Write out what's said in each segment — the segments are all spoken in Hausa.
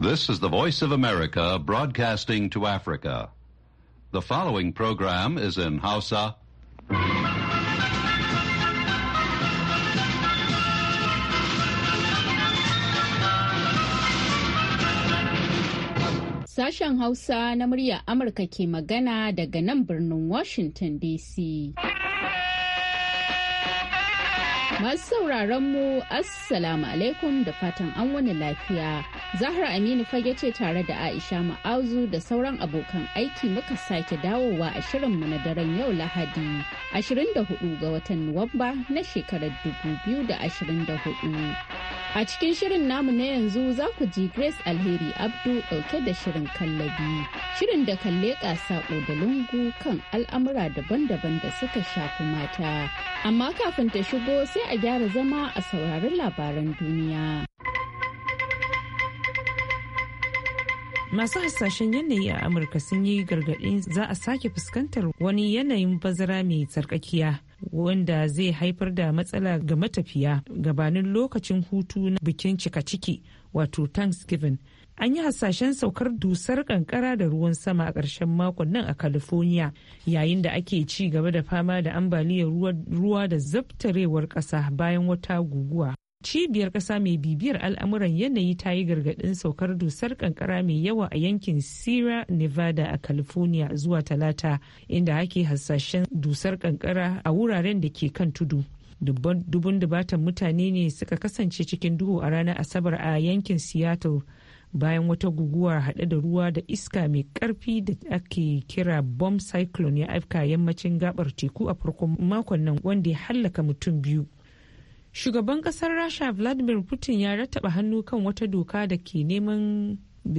This is the Voice of America broadcasting to Africa. The following program is in Hausa. Sashen Hausa na murya Amurka ke magana daga nan birnin Washington DC. Masu sauraron mu, Assalamu alaikum da fatan an wani lafiya. Zahra Aminu fage ce tare da Aisha Ma'azu da sauran abokan aiki muka sake dawowa a shirinmu na daren yau Lahadi 24 ga watan Nuwamba na shekarar 2024. A cikin shirin namu na yanzu za ku ji Grace Alheri Abdu ɗauke da shirin kallabi. Shirin da kalle leƙa saƙo da lungu kan al'amura daban-daban da suka shafi mata. Amma kafin ta shigo sai a gyara zama a sauraron labaran duniya. masu hasashen yanayi a amurka sun yi gargaɗin za a sake fuskantar wani yanayin bazara mai tsarkakiya wanda zai haifar da matsala ga matafiya gabanin lokacin hutu na bikin cika ciki wato thanksgiving an yi hasashen saukar dusar kankara da ruwan sama a ƙarshen makon nan a california yayin da ake ci gaba da fama da ambaliyar ruwa da zabtarewar ƙasa bayan wata guguwa cibiyar ƙasa mai bibiyar al'amuran yanayi ta yi gargaɗin saukar dusar kankara mai yawa a yankin sierra nevada a california zuwa talata inda ake hasashen dusar kankara a wuraren da ke kan tudu dubun dubatan mutane ne suka kasance cikin duhu a ranar asabar a yankin seattle bayan wata guguwa haɗe da ruwa da iska mai ƙarfi da ake kira bomb cyclone ya afka yammacin gabar teku a farkon makon nan wanda ya hallaka mutum biyu shugaban kasar rasha vladimir putin ya rattaba hannu kan wata doka da ke neman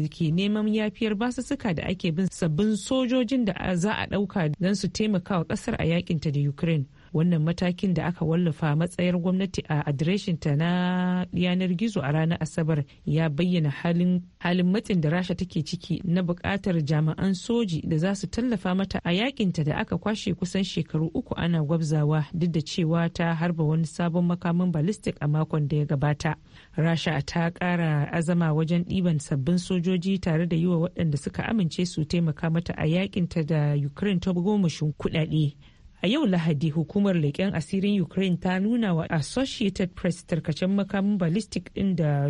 ke neman yafiyar basussuka da ake bin sabbin sojojin da za a ɗauka don su taimaka wa ƙasar a yakinta da ukraine wannan matakin da aka wallafa matsayar gwamnati a adireshin ta na yanar gizo a ranar asabar ya bayyana halin matsin da rasha take ciki na bukatar jami'an soji da za su tallafa mata a ta da aka kwashe kusan shekaru uku ana gwabzawa duk da cewa ta harba wani sabon makamin ballistic a makon da ya gabata rasha ta kara azama wajen ɗiban sabbin sojoji tare da yiwa waɗanda suka amince su taimaka mata a ta da ukraine ta goma kuɗaɗe a yau lahadi hukumar leƙen asirin ukraine ta nuna wa associated press tarkacen makamin ballistic ɗin da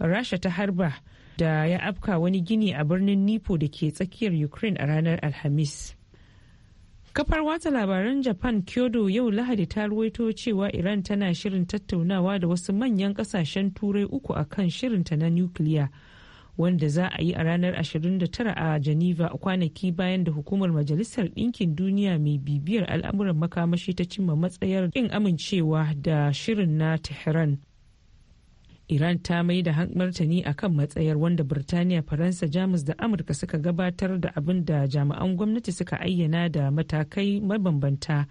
rasha ta harba da ya afka wani gini a birnin nipo da ke tsakiyar ukraine a ranar alhamis kafar watsa labaran japan kyodo yau lahadi ta ruwaito cewa iran tana shirin tattaunawa da wasu manyan kasashen turai uku akan shirinta na nukiliya. wanda za a yi a ranar 29 a Geneva kwanaki bayan da hukumar Majalisar Ɗinkin Duniya mai bibiyar al'amuran makamashi ta cimma matsayar ƙin amincewa da shirin na Tehran. Iran ta mai da martani a kan matsayar wanda Birtaniya, Faransa, Jamus da Amurka suka gabatar da abin da jami'an gwamnati suka ayyana da matakai mabambanta.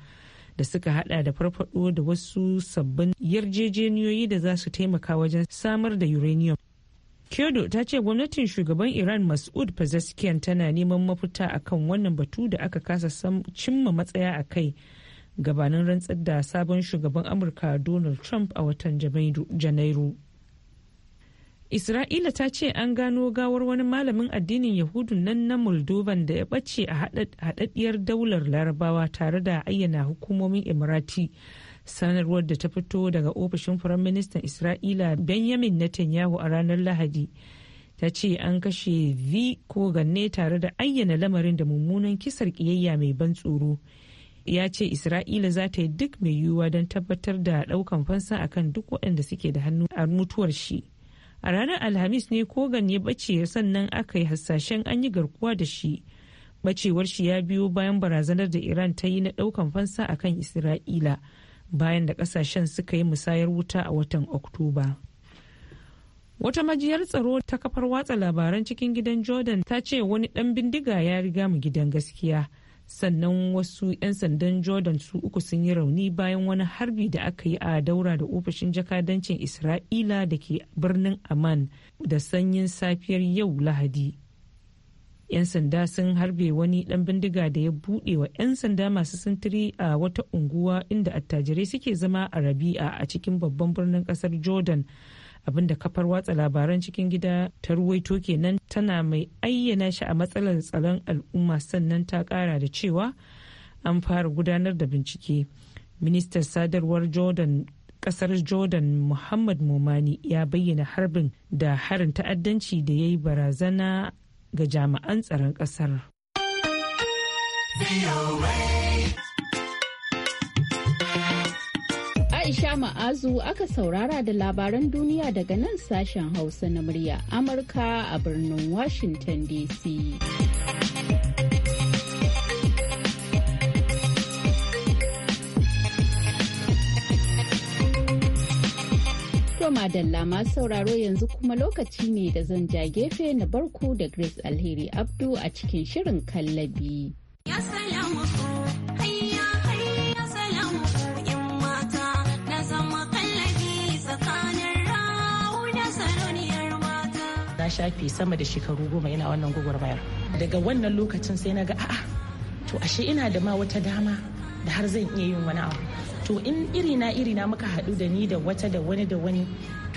da suka hada da farfado da wasu sabbin yarjejeniyoyi da za su taimaka wajen samar da uranium Kyodo ta ce gwamnatin shugaban Iran Mas'ud Pezeshkian tana neman mafita akan wannan batu da aka kasa cimma matsaya a kai gabanin rantsar da sabon shugaban Amurka Donald Trump a watan Janairu. Isra'ila ta ce an gano gawar wani malamin addinin Yahudun nan na Moldovan da ya ɓace a haɗaɗɗiyar daular Larabawa tare da ayyana hukumomin Emirati. sanarwar da ta fito daga ofishin firaministan isra'ila benjamin netanyahu a ranar lahadi ta ce an kashe v ko ganne tare da ayyana lamarin da mummunan kisar kiyayya mai ban tsoro ya ce isra'ila za ta yi duk mai yiwuwa don tabbatar da daukan fansa akan duk waɗanda suke da hannu a mutuwar shi a ranar alhamis ne kogan ya bace sannan aka yi hasashen an yi garkuwa da shi bacewar shi ya biyo bayan barazanar da iran ta yi na daukan fansa akan isra'ila bayan da kasashen suka yi musayar wuta a watan oktoba wata majiyar tsaro ta kafar watsa labaran cikin gidan jordan ta ce wani dan bindiga ya riga mu gidan gaskiya sannan wasu 'yan sandan jordan su uku sun yi rauni bayan wani harbi da aka yi a daura da ofishin jakadancin isra'ila da ke birnin amman da sanyin safiyar yau lahadi 'yan sanda sun harbe wani dan bindiga da ya buɗe wa 'yan sanda masu sintiri a wata unguwa inda attajirai suke zama a rabi'a a cikin babban birnin kasar jordan abinda kafar watsa labaran cikin gida ta ruwaito kenan tana mai ayyana shi a matsalar tsaron al'umma sannan ta kara da cewa an fara gudanar da bincike ministan sadarwar jordan kasar jordan muhammad momani ya bayyana harbin da harin ta'addanci da ya yi barazana ga jami'an tsaron ƙasar. Aisha Ma'azu aka saurara da labaran duniya daga nan sashen Hausa na murya Amurka a birnin Washington DC. To madalla masu sauraro yanzu kuma lokaci ne da zan ja gefe na barku da Grace Alheri Abdu a cikin shirin kallabi. Na shafi sama da shekaru goma yana wannan mayar. Daga wannan lokacin sai na ga a'a to ashe ina da ma wata dama da har zan iya yin wani abu to in irina irina muka haɗu da ni da wata da wani da wani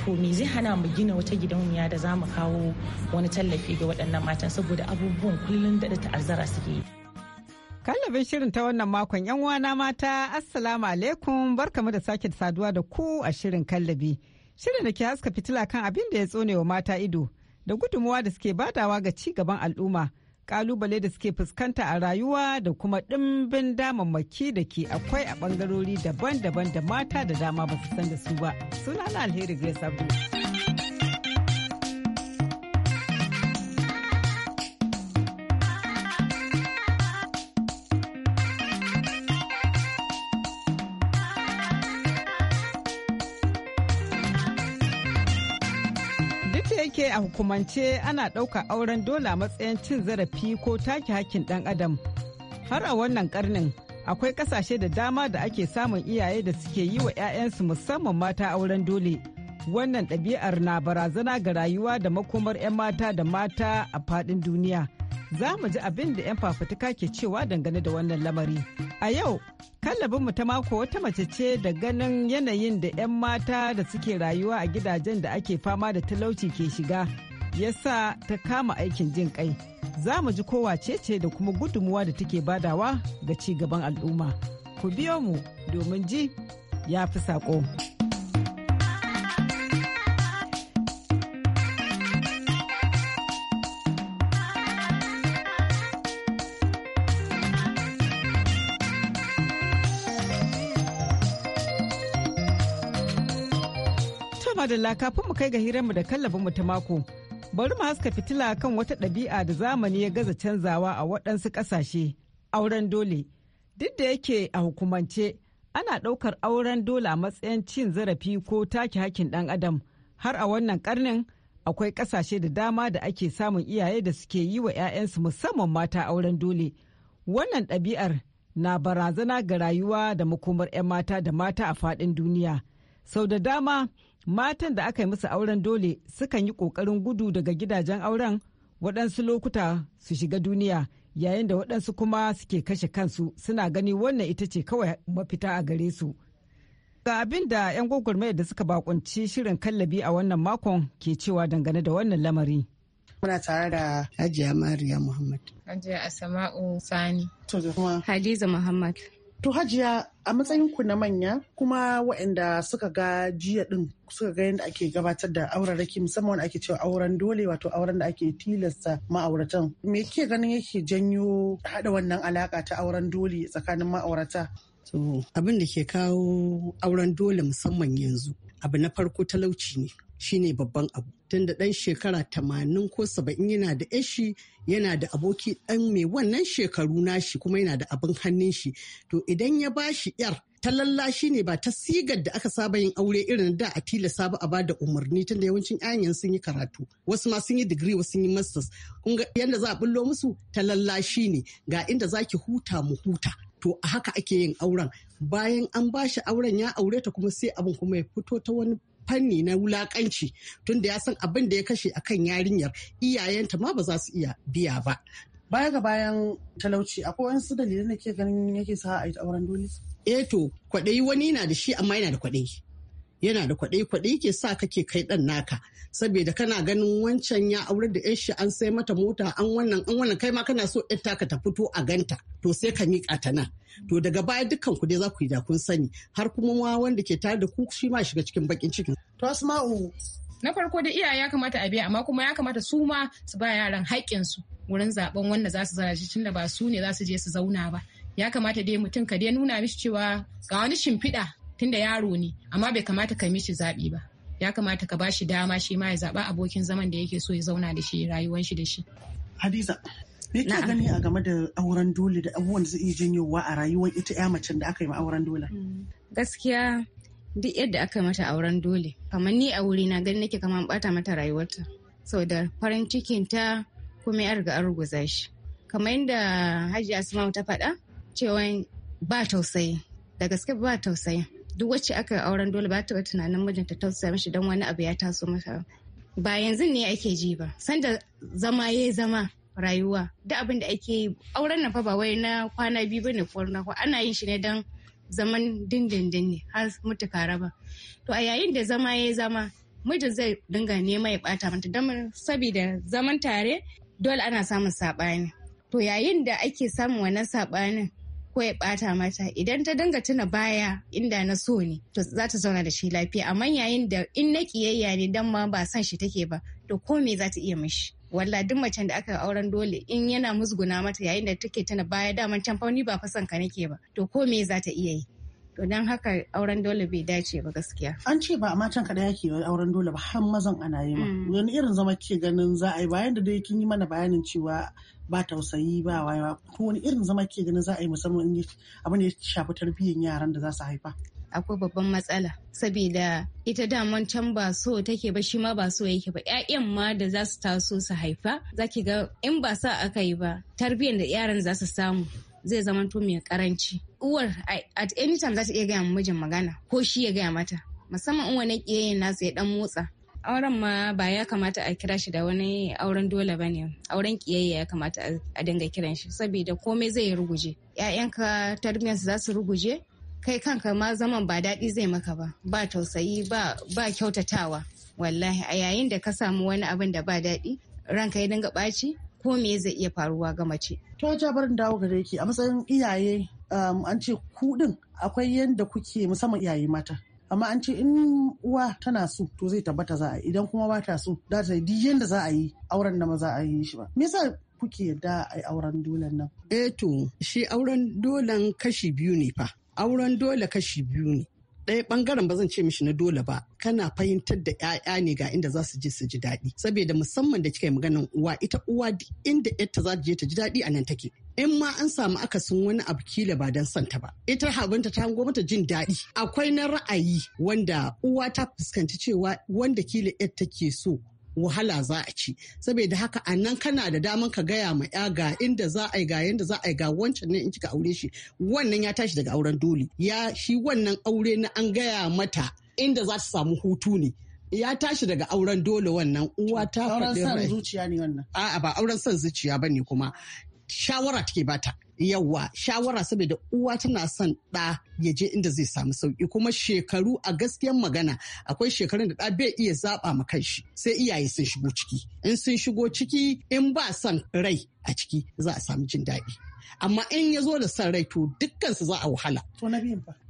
to me zai hana mu gina wata gidan gidauniya da za mu kawo wani tallafi ga waɗannan matan saboda abubuwan kullum da ta'azzara suke yi kallabin shirin ta wannan makon yan uwana mata assalamu alaikum barkamu da sake saduwa da ku a shirin kallabi shirin da ke haska fitila kan abin da ya tsone wa mata ido da gudunmuwa da suke badawa ga ci gaban al'umma kalubale da suke fuskanta a rayuwa da kuma ɗimbin damammaki da ke akwai a ɓangarori daban-daban da mata da dama ba su san da su ba. na Alheri Grace Abdul. a hukumance ana ɗauka auren dole a matsayin cin zarafi ko take hakkin ɗan adam. Har a wannan karnin akwai ƙasashe da dama da ake samun iyaye da suke yi wa 'ya'yansu musamman mata auren dole. Wannan ɗabi'ar na barazana ga rayuwa da makomar 'yan mata da mata a faɗin duniya. za mu ji abin da 'yan fafutuka ke cewa dangane da wannan lamari. A yau, kallabinmu ta mako wata mace ce da ganin yanayin da 'yan mata da suke rayuwa a gidajen da ake fama da talauci ke shiga, ya sa ta kama aikin jin kai. Za mu ji kowa ce da kuma gudunmuwa da take badawa ga ci gaban al'umma. Ku biyo mu domin ji ya fi saƙo. madalla kafin mu kai ga hiranmu da kallabin mu ta mako. Bari mu haska fitila kan wata ɗabi'a da zamani ya gaza canzawa a waɗansu ƙasashe, auren dole. Duk da yake a hukumance, ana ɗaukar auren dole a matsayin cin zarafi ko take hakkin ɗan adam. Har a wannan ƙarnin akwai ƙasashe da dama da ake samun iyaye da suke yi wa 'ya'yansu musamman mata auren dole. Wannan ɗabi'ar na barazana ga rayuwa da makomar 'yan mata da mata a faɗin duniya. sau da dama matan da aka yi musu auren dole sukan yi ƙoƙarin gudu daga gidajen auren waɗansu lokuta su shiga duniya yayin da waɗansu kuma suke kashe kansu suna gani wannan ita ce kawai mafita a gare su ga abin da 'yan gwagwarmayar da suka bakunci shirin kallabi a wannan makon ke cewa dangane da wannan lamari muna tare da hajiya mariya muhammad hajiya asama'u sani to da kuma hadiza muhammad To hajiya a matsayin ku na manya kuma waɗanda suka ga jiya ɗin suka ga yadda ake gabatar da auren raki musamman ake cewa auren dole wato auren da ake tilasta ma'auratan. Me ke ganin yake janyo haɗa wannan alaƙa ta auren dole tsakanin ma'aurata? to abin da ke kawo auren dole musamman yanzu abu na farko talauci ne shine babban abu tunda ɗan shekara tamanin ko saba'in yana da yashi yana da aboki ɗan mai wannan shekaru nashi kuma yana da abin hannun shi to idan ya bashi yar ta lallashi ne ba ta sigar da aka saba yin aure irin da a tilasta ba a bada umarni tun da yawancin yayan sun yi karatu wasu ma sun yi digiri wasu sun yi masters kun ga yanda za a bullo musu ta lallashi ne ga inda zaki huta mu huta to a haka ake yin auren bayan an bashi auren ya aure ta kuma sai abin kuma ya fito ta wani fanni na wulakanci tunda ya san abin da ya kashe a kan yarinyar iyayenta ma ba za su iya biya ba baya ga bayan talauci akwai wasu dalilin da ke ganin yake sa a yi auren dole eh kwaɗayi wani na da shi amma yana da kwaɗayi yana da kwaɗe-kwaɗe ke sa kake kai ɗan naka saboda kana ganin wancan ya aure da yashi an sai mata mota an wannan an wannan kai ma kana so ɗan taka ta fito a ganta to sai ka miƙa ta nan to daga baya dukkan ku dai za ku yi da kun sani har kuma ma wanda ke tare da ku shi ma shiga cikin bakin cikin. to asma'u na farko da iyaye ya kamata a biya amma kuma ya kamata su ma su ba yaran su wurin zaben wanda za su zana shi tunda ba su ne za su je su zauna ba ya kamata dai mutum ka dai nuna mishi cewa ga wani shimfiɗa tunda yaro ne amma bai kamata ka mishi zaɓi ba ya kamata ka bashi dama shi ma ya zaɓa abokin zaman da yake so ya zauna da shi rayuwar shi da shi. Hadiza, me ka gani a game da auren dole da abubuwan da zai iya janyowa a rayuwar ita ya macen da aka yi ma auren dole? Mm. Gaskiya duk yadda aka mata auren dole kamar ni a wuri na gani nake kamar bata mata rayuwarta da farin cikin ta kuma ya riga an ruguza shi kamar yadda Hajji Asma'u ta faɗa cewa ba tausayi da gaske ba tausayi duk wacce aka auren dole ba ta tunanin mijinta ta tausaya mishi don wani abu ya taso masa ba yanzu ne ake ji ba sanda zama ya zama rayuwa duk abin da ake yi auren nan fa ba wai na kwana biyu bane ko na ana yin shi ne don zaman dindindin ne har mutuka raba to a yayin da zama ya zama mijin zai dinga nema ya bata mata dan saboda zaman tare dole ana samun saɓani to yayin da ake samun wannan saɓanin ko ya bata mata idan ta dinga tuna baya inda na so ne to za ta zauna da shi lafiya amma yayin da in na kiyayya ne dan ma ba san shi take ba to ko me za ta iya mishi walla duk macen da aka yi auren dole in yana musguna mata yayin da take tuna baya daman can fauni ba fasan ka nake ba to ko me za ta iya yi don haka auren dole bai dace ba gaskiya an ce ba a matan kaɗai ake auren dole ba har mazan ana yi ma mm. wani irin zama ke ganin za a yi bayan da dai kin yi mana bayanin cewa ba tausayi ba wayewa ko wani irin zama ke ganin za a yi musamman abin da ya shafi tarbiyyar yaran da za su haifa akwai babban matsala saboda ita daman can ba so take ba shi ma ba so yake ba ƴaƴan ma da za su taso su haifa zaki ga in ba sa aka yi ba tarbiyyar da yaran za su samu zai zamanto mai karanci uwar at any time za ta iya gaya mijin magana ko shi ya gaya mata musamman in wani kiyaye nasu ya dan motsa auren ma ba ya kamata a kira shi da wani auren dole ba ne auren kiyayya ya kamata a dinga kiran shi saboda komai zai ruguje ƴaƴanka tarbiyyarsu za su ruguje kai kanka ma zaman ba daɗi zai maka ba ba tausayi ba ba kyautatawa wallahi a yayin da ka samu wani abin da ba daɗi ranka ya dinga ɓaci ko me zai iya faruwa ga mace to jabarin dawo gare ki a matsayin iyaye Um, an ce kuɗin akwai yadda kuke musamman iyaye mata amma an ce in uwa tana so to zai tabbata za a yi idan kuma ba ta so da ta yi yadda za a yi auren da za a yi shi ba me yasa kuke da a auren dolan nan eh to shi auren dolan kashi biyu ne fa auren dole kashi biyu ne ɗaya ɓangaren ba zan ce mishi na dole ba kana fahimtar da 'ya'ya ne ga inda za su je su ji daɗi saboda musamman da kika yi maganan uwa ita uwa inda yarta za ta je ta ji daɗi a nan take in ma an samu akasin wani abu kila ba don santa ba ita habanta ta hango mata jin daɗi akwai na ra'ayi wanda uwa ta fuskanci cewa wanda kila yar take so wahala za a ci saboda haka a nan kana da daman ka gaya ma ya ga inda za a yi ga yanda za a yi ga wancan ne in kika aure shi wannan ya tashi daga auren dole ya shi wannan aure na an gaya mata inda za ta samu hutu ne ya tashi daga auren dole wannan uwa ta auren san zuciya ne wannan a'a ba auren son zuciya bane kuma shawara take bata yawa shawara saboda uwa tana son ɗa ya je inda zai samu sauki kuma shekaru a gaskiyan magana akwai shekarun da ɗa bai iya zaɓa ma kanshi sai iyaye sun shigo ciki in sun shigo ciki in ba son rai a ciki za a samu jin daɗi amma in ya zo da son rai to dukkansu za a wahala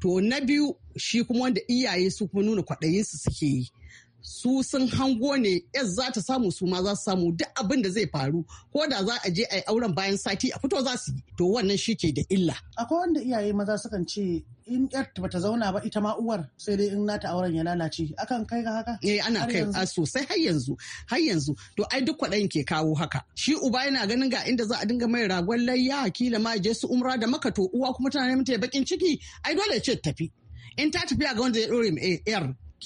to na biyu shi kuma wanda iyaye su kuma nuna kwaɗayinsu suke yi su sun hango ne yas za ta samu su ma za su samu duk abin da zai faru ko da za a je a yi auren bayan sati a fito za su yi to wannan shi ke da illa. Akwai wanda iyaye maza sukan ce in yar bata zauna ba ita ma uwar sai dai in nata auren ya lalace akan kai ga haka eh ana kai a sosai har yanzu har yanzu to ai duk kwaɗayin ke kawo haka shi uba yana ganin ga inda za a dinga mai ragon layya kila ma je su umra da maka to uwa kuma tana neman ta bakin ciki ai dole ce tafi in ta tafiya ga wanda ya dore ma eh,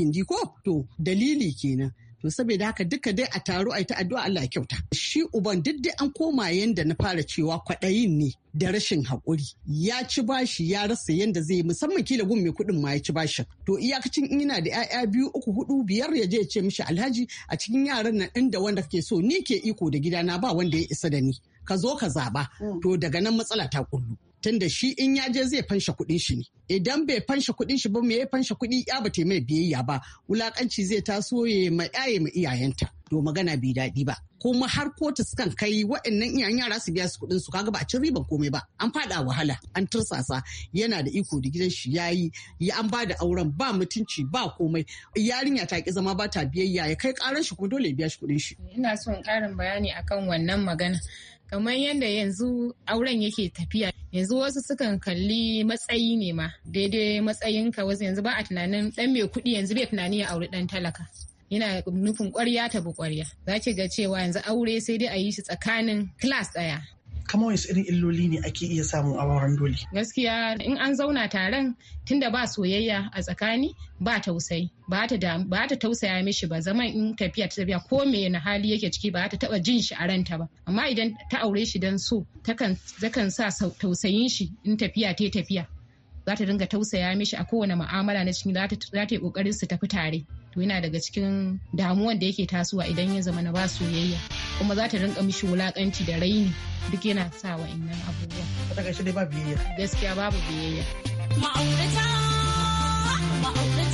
kin ji ko to dalili kenan to saboda haka duka dai a taro a ta addu'a Allah kyauta shi uban duk dai an koma yanda na fara cewa kwaɗayin ne da rashin haƙuri ya ci bashi ya rasa yanda zai musamman kila gun mai kuɗin ma ya ci bashin to iyakacin in yana da 'ya'ya biyu uku hudu biyar ya je ya ce mishi alhaji a cikin yaran nan inda wanda kake so ni ke iko da gidana ba wanda ya isa da ni ka zo ka zaba mm. to daga nan matsala ta kullu tunda shi in ya je zai fansha kuɗin shi ne idan bai fansha kuɗin shi ba mu ya fansha kuɗi ya ba ta mai biyayya ba wulakanci zai taso ya ma yaye ma iyayenta to magana bai daɗi ba kuma har kotu sukan kai waɗannan iyayen yara su biya su kuɗin su kaga ba a cin riban komai ba an faɗa wahala an tursasa yana da iko da gidan shi yayi ya an bada auren ba mutunci ba komai yarinya ta ki zama ba ta biyayya ya kai karan shi kuma dole ya biya shi kuɗin shi ina son ƙarin bayani akan wannan magana kamar yadda yanzu auren yake tafiya yanzu wasu sukan kalli matsayi ne ma daidai matsayinka wasu yanzu ba a tunanin dan mai kuɗi yanzu bai tunani ya auri dan talaka yana nufin kwarya ta bi kwarya za ga cewa yanzu aure sai dai a yi shi tsakanin class ɗaya kama wasu irin illoli ne ake iya samu a auren doli. gaskiya in an zauna taron tunda ba soyayya a tsakani ba tausayi ba ta tausaya mishi ba zaman in tafiya ta tafiya ko me na hali yake ciki ba ta taba jin shi a ranta ba amma idan ta aure shi dan so takan sa tausayin shi in tafiya ta tafiya za ta dinga tausaya mishi a kowane mu'amala na cikin za ta yi kokarin su tafi tare to yana daga cikin damuwan da yake tasowa idan ya zama na ba soyayya kuma za ta rinka mishi wulakanci da raini duk yana sa innan abubuwa. ga shi dai ba biyayya. Gaskiya babu biyayya. Ma'aurata, ma'aurata.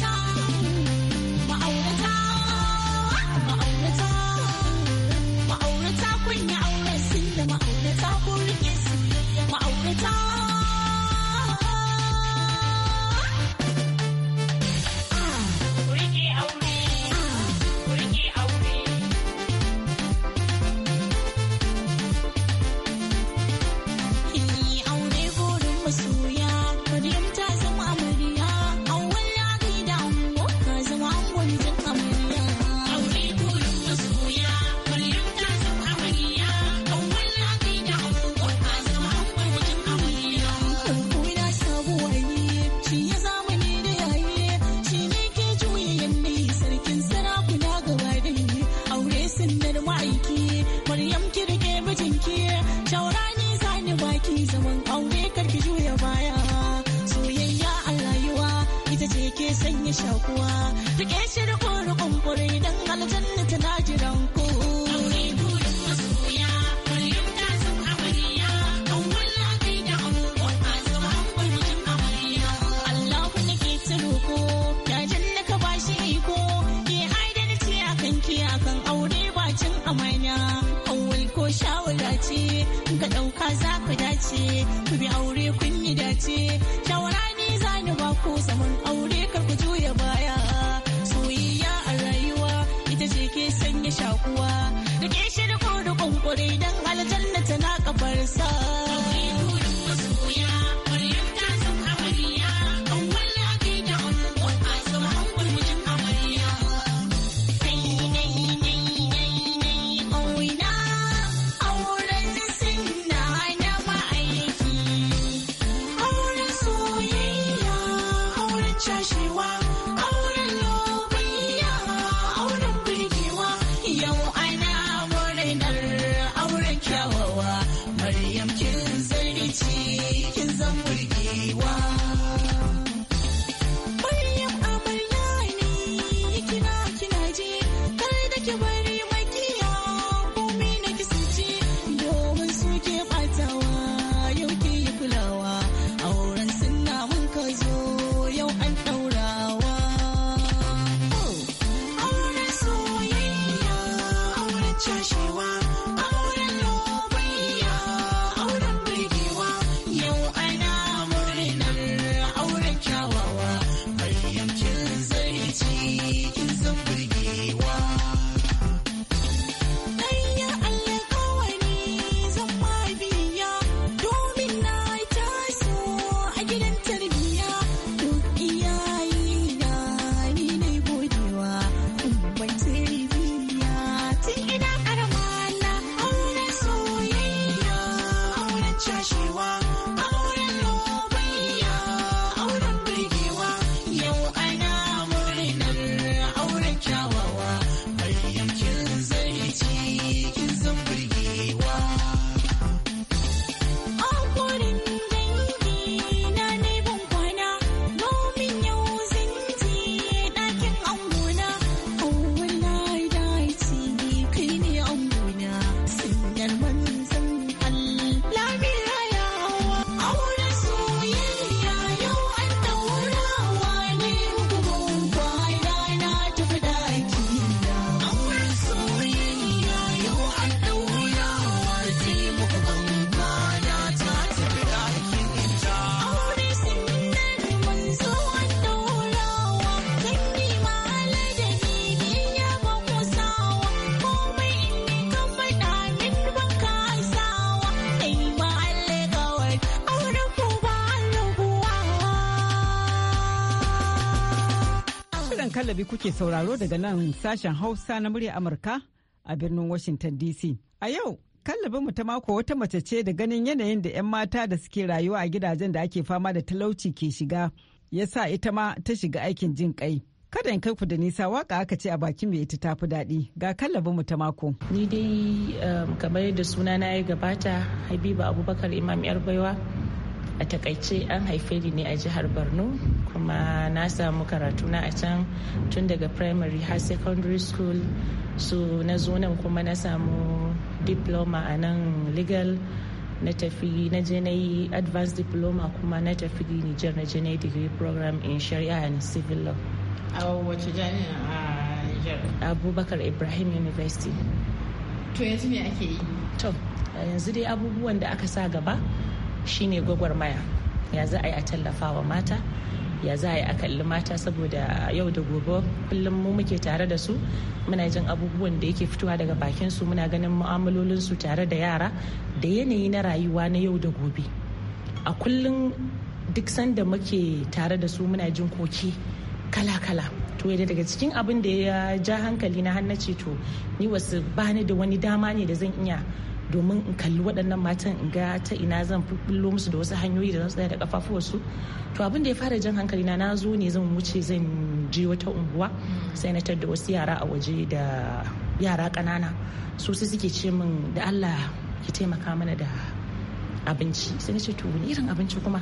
Rabi kuke sauraro daga nan sashen Hausa na murya Amurka a birnin Washington DC. A yau, mu ta mako wata mace ce da ganin yanayin da 'yan mata da suke rayuwa a gidajen da ake fama da talauci ke shiga, ya sa ita ma ta shiga aikin jin kai. Kada in kai ku da nisa waka aka ce a bakin mai ita tafi daɗi ga mu ta mako. Ni dai eh, kamar yadda suna na ya gabata Habiba Abubakar Imam Yarbaiwa. baiwa a takaice an haife ni ne a jihar borno kuma na samu karatuna a can tun daga primary har secondary school so na zo nan kuma na samu diploma a nan legal na tafi na je na yi advanced diploma kuma na tafi nijar na je na yi degree program in shari'a and civil law a wace jami'a a nijar abubakar ibrahim university to yanzu me ake yi to yanzu dai abubuwan da aka sa gaba shine gwagwarmaya ya za a yi a tallafa wa mata ya za a yi a kalli mata saboda yau da gobe kullum mu muke tare da su muna jin abubuwan da yake fitowa daga bakin su muna ganin mu'amalolin su tare da yara da yanayi na rayuwa na yau da gobe a kullum duk sanda muke tare da su muna jin koki kala-kala to yadda daga cikin abin da ya ja hankali na hannace to ni wasu bani da wani dama ne da zan iya domin in kalli waɗannan matan in ga ta ina zan bullo musu da wasu hanyoyi da zan tsaya da kafafuwarsu to abin da ya fara jan hankali na na zo ne zan wuce zan je wata unguwa sai na da wasu yara a waje da yara ƙanana su suke ce min da Allah ki taimaka mana da abinci sai na ce to wani irin abinci kuma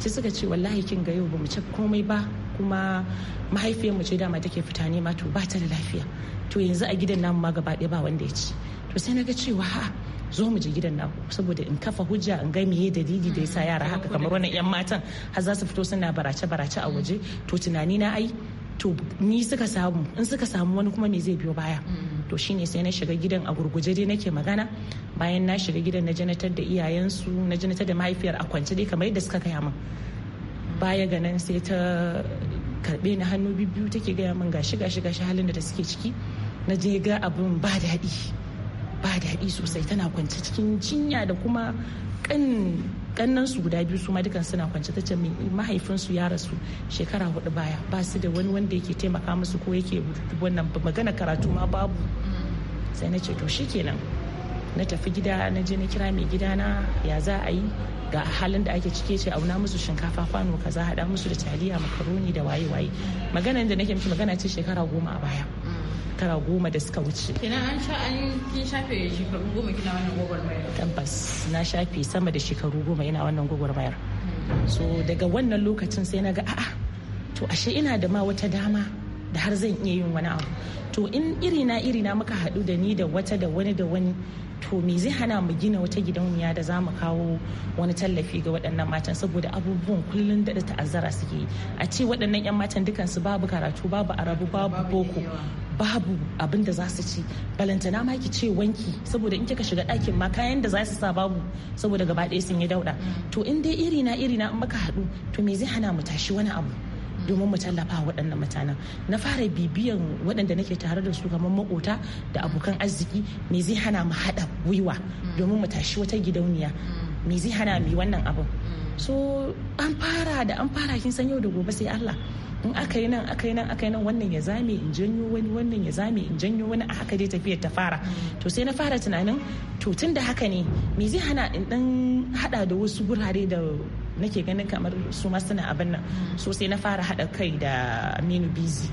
sai suka ce wallahi kin ga yau bamu ci komai ba kuma mahaifiyar mu ce dama take fita ne ma to ba ta da lafiya to yanzu a gidan namu ma gaba ɗaya ba wanda ya ci to sai na ga cewa ha zo mu je gidan naku saboda in kafa hujja in ga meye dalili da yasa yara haka kamar wannan yan matan har za su fito suna barace barace a waje to tunani na ai to ni suka samu in suka samu wani kuma me zai biyo baya mm. to shine sai na shiga gidan a gurguje dai nake magana bayan na shiga gidan na janatar da iyayensu na janatar da mahaifiyar a kwance dai kamar yadda suka gaya min baya ga nan sai ta karbe ni hannu biyu take gaya min gashi gashi gashi halin da ta suke ciki na je ga abin ba daɗi ba daɗi sosai tana kwance cikin jinya da kuma kan kannan su guda biyu su ma dukan suna kwance ta ce mahaifinsu ya rasu shekara hudu baya ba su da wani wanda yake taimaka musu ko yake wannan magana karatu ma babu sai na ce to shikenan na tafi gida na je na kira mai gidana ya za a yi ga halin da ake cike ce auna musu shinkafa kwano kaza haɗa musu da taliya makaroni da waye waye maganan da nake miki magana ce shekara goma a baya shekara goma da suka wuce. Kina an sha an kin shafe shekaru goma kina wannan gwagwarmayar? Tabbas na shafe sama da shekaru goma ina wannan gwagwarmayar. So daga wannan lokacin sai na ga a'a to ashe ina da ma wata dama da har zan iya yin wani abu. To in irina irina muka haɗu da ni da wata da wani da wani to me zai hana mu gina wata gidauniya da za mu kawo wani tallafi ga waɗannan matan saboda abubuwan kullum da ta'azzara suke yi a ce waɗannan 'yan matan dukansu babu karatu babu arabu babu boko babu abin da za su ci balantana ma ki ce wanki saboda in kika shiga ɗakin ma kayan da za su sa babu saboda gaba ɗaya sun yi dauɗa to in dai iri na iri na in muka haɗu to me zai hana mu tashi wani abu domin mu tallafa waɗannan mutanen na fara bibiyan waɗanda nake tare da su kamar makota da abokan arziki me zai hana mu haɗa gwiwa domin mu tashi wata gidauniya me zai hana mu wannan abin so an fara da an fara kin san yau da gobe sai Allah in aka yi nan aka yi nan aka yi nan wannan ya zame in janyo wani wannan ya zame in janyo wani a haka dai tafiyar ta fara to sai na fara tunanin to tun da haka ne me zai hana in dan hada da wasu wurare da nake ganin kamar su ma suna abin nan so sai na fara hada kai da Aminu Bizi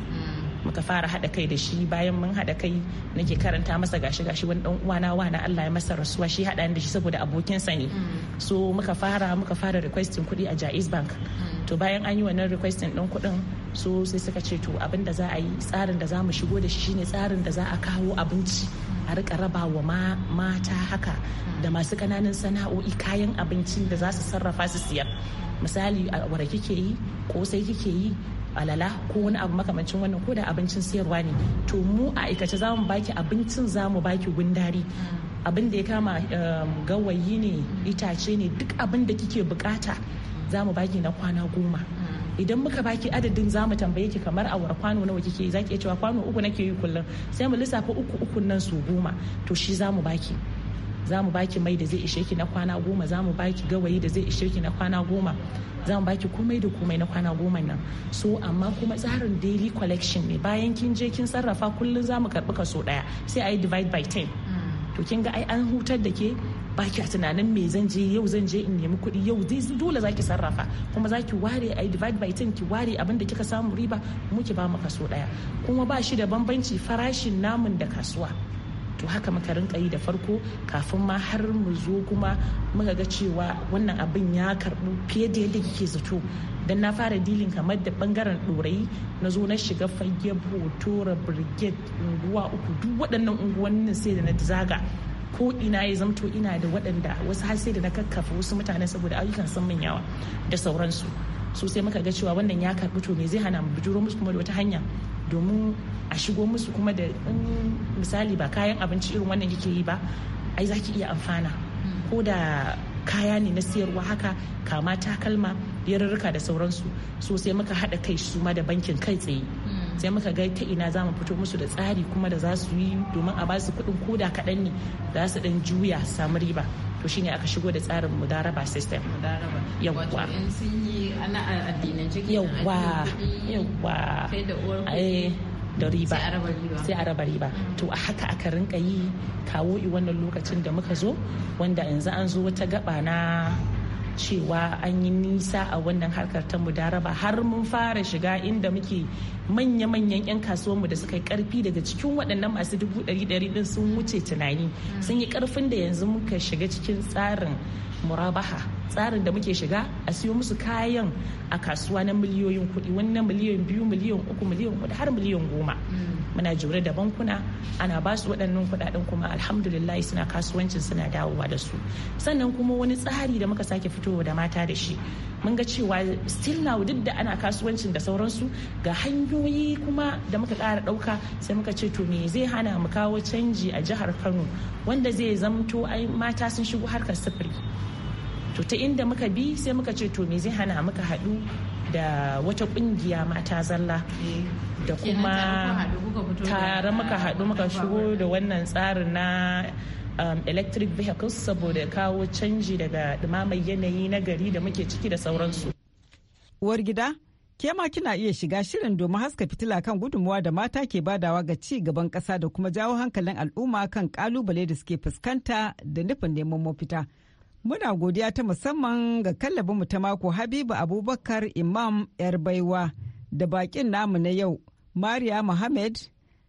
muka fara haɗa kai da shi bayan mun haɗa kai nake karanta masa gashi gashi wani dan uwana wana Allah ya masa rasuwa shi haɗa ni da shi saboda abokin sa ne mm. so muka fara muka fara requesting kuɗi a Jaiz Bank mm. to bayan an yi wannan requesting ɗin kuɗin so sai suka ce to abin da za a yi tsarin da za mu shigo da shi shine tsarin da za a kawo abinci a rika raba wa mata haka da mm. masu kananan sana'o'i kayan abincin da za su sarrafa su siyar misali a wara kike yi kosai kike yi alala ko wani abu makamancin wannan ko da abincin siyarwa ne to mu a aikace za mu baki abincin za mu baki gundari abin da ya kama um, gawayi ne itace ne duk abin da kike bukata za mu baki na kwana goma idan muka baki adadin za mu tambaye ki kamar awar kwano nawa kike za ki cewa kwano uku nake yi kullum sai mu lissafa uku uku nan su goma to shi za mu baki za mu baki mai da zai ishe ki na kwana goma za mu baki gawayi da zai ishe ki na kwana goma za mu baki komai da komai na kwana goma nan so amma kuma tsarin daily collection ne bayan kin je kin sarrafa kullum za mu karɓi kaso ɗaya sai a yi divide by 10 hmm. to kin ga ai an hutar da ke baki ki tunanin me zan je yau zan je in nemi kuɗi yau zai dole za ki sarrafa kuma za ki ware a divide by 10 ki ware abin da kika samu riba muke ba mu kaso ɗaya kuma ba shi da bambanci farashin namun da kasuwa to haka muka rinka yi da farko kafin ma har mu zo kuma muka ga cewa wannan abin ya karbu fiye da yadda kike zato dan na fara dilin kamar da bangaren dorai na zo na shiga fage hotora brigade unguwa uku duk waɗannan unguwannin sai da na zaga ko ina ya zamto ina da waɗanda wasu har sai da na kakkafa wasu mutane saboda ayyukan sun min yawa da sauransu sosai sai muka ga cewa wannan ya karbi to me zai hana mu bijiro musu kuma da wata hanya domin a shigo musu kuma da misali ba kayan abinci irin wannan yake yi ba ai za ki iya amfana ko da kaya ne na siyarwa haka kama takalma yarurruka da sauransu so sai muka haɗa kai su ma da bankin kai tsaye sai muka ga ta ina za mu fito musu da tsari kuma da za su yi domin a ba su kuɗin koda kaɗan ne za su ɗan juya samu riba to shine aka shigo da tsarin mudaraba system yawwa yawwa yawwa da riba sai a raba riba mm. to a haka aka rinka yi kawo i wannan lokacin da muka zo wanda yanzu an zo wata gaba na cewa an yi nisa a wannan harkar ta mudaraba har mun fara shiga inda muke manya-manyan 'yan kasuwanmu da suka yi karfi daga cikin waɗannan masu dubu ɗari ɗari ɗin sun wuce tunani mm. sun yi karfin da yanzu muka shiga cikin tsarin murabaha tsarin da muke shiga a siyo musu kayan a kasuwa na miliyoyin kuɗi wani na miliyan biyu miliyoyin uku miliyoyin hudu har miliyoyin goma mm. muna jure da bankuna ana ba su waɗannan kuɗaɗen kuma alhamdulillah suna kasuwancin suna dawowa da su sannan kuma wani tsari da muka sake fitowa da mata da shi mun ga cewa still now duk da ana kasuwancin da sauransu ga hanyoyi kuma da muka ƙara ɗauka sai muka ce to me zai hana mu kawo canji a jihar kano wanda zai zamto ai mata sun shigo harkar sufuri to ta inda muka bi sai muka ce to me zai hana muka haɗu da wata kungiya mata zalla eh, da kuma tare muka haɗu muka shigo da wannan tsarin na um, electric vehicles saboda kawo canji daga ɗumamar yanayi na gari da muke ciki da sauransu. Uwar gida, ke ma kina iya shiga shirin domin haska fitila kan gudunmuwa da mata ke badawa ga ci gaban kasa da kuma jawo hankalin al'umma kan kalubale da suke fuskanta da nufin neman mafita. Muna godiya ta musamman ga kallabin mu ta mako Habibu Abubakar Imam ‘yar baiwa da bakin namu na yau, Mariya Muhammad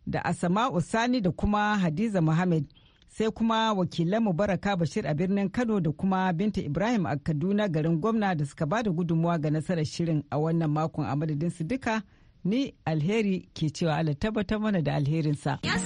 da Asama'u Sani da kuma Hadiza Muhammad. sai kuma wakilan baraka bashir a birnin kano da kuma binta ibrahim a kaduna garin gwamna da suka ba da gudunmuwa ga nasarar shirin a wannan makon a madadinsu duka ni alheri ke cewa ala tabbatar mana da alherinsa. Yes,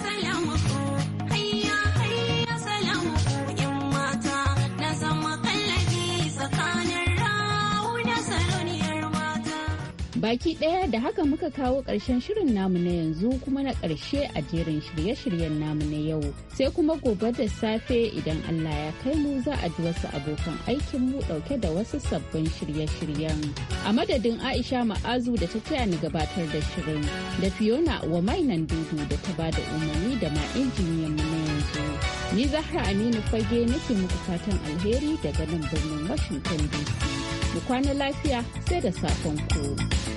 Baki ɗaya da haka muka kawo ƙarshen shirin namu na yanzu kuma na ƙarshe a jerin shirye-shiryen namu na yau. Sai kuma gobe da safe idan Allah ya kai mu za a ji wasu abokan aikin mu ɗauke da wasu sabbin shirye-shiryen. A madadin Aisha Ma'azu da ta taya ni gabatar da shirin da Fiona wa mainan dudu da ta ba da umarni da ma injiniyan mu na yanzu. Ni Zahra Aminu Fage nake muku fatan alheri daga nan birnin Washington DC. Mu kwana lafiya sai da safon ku.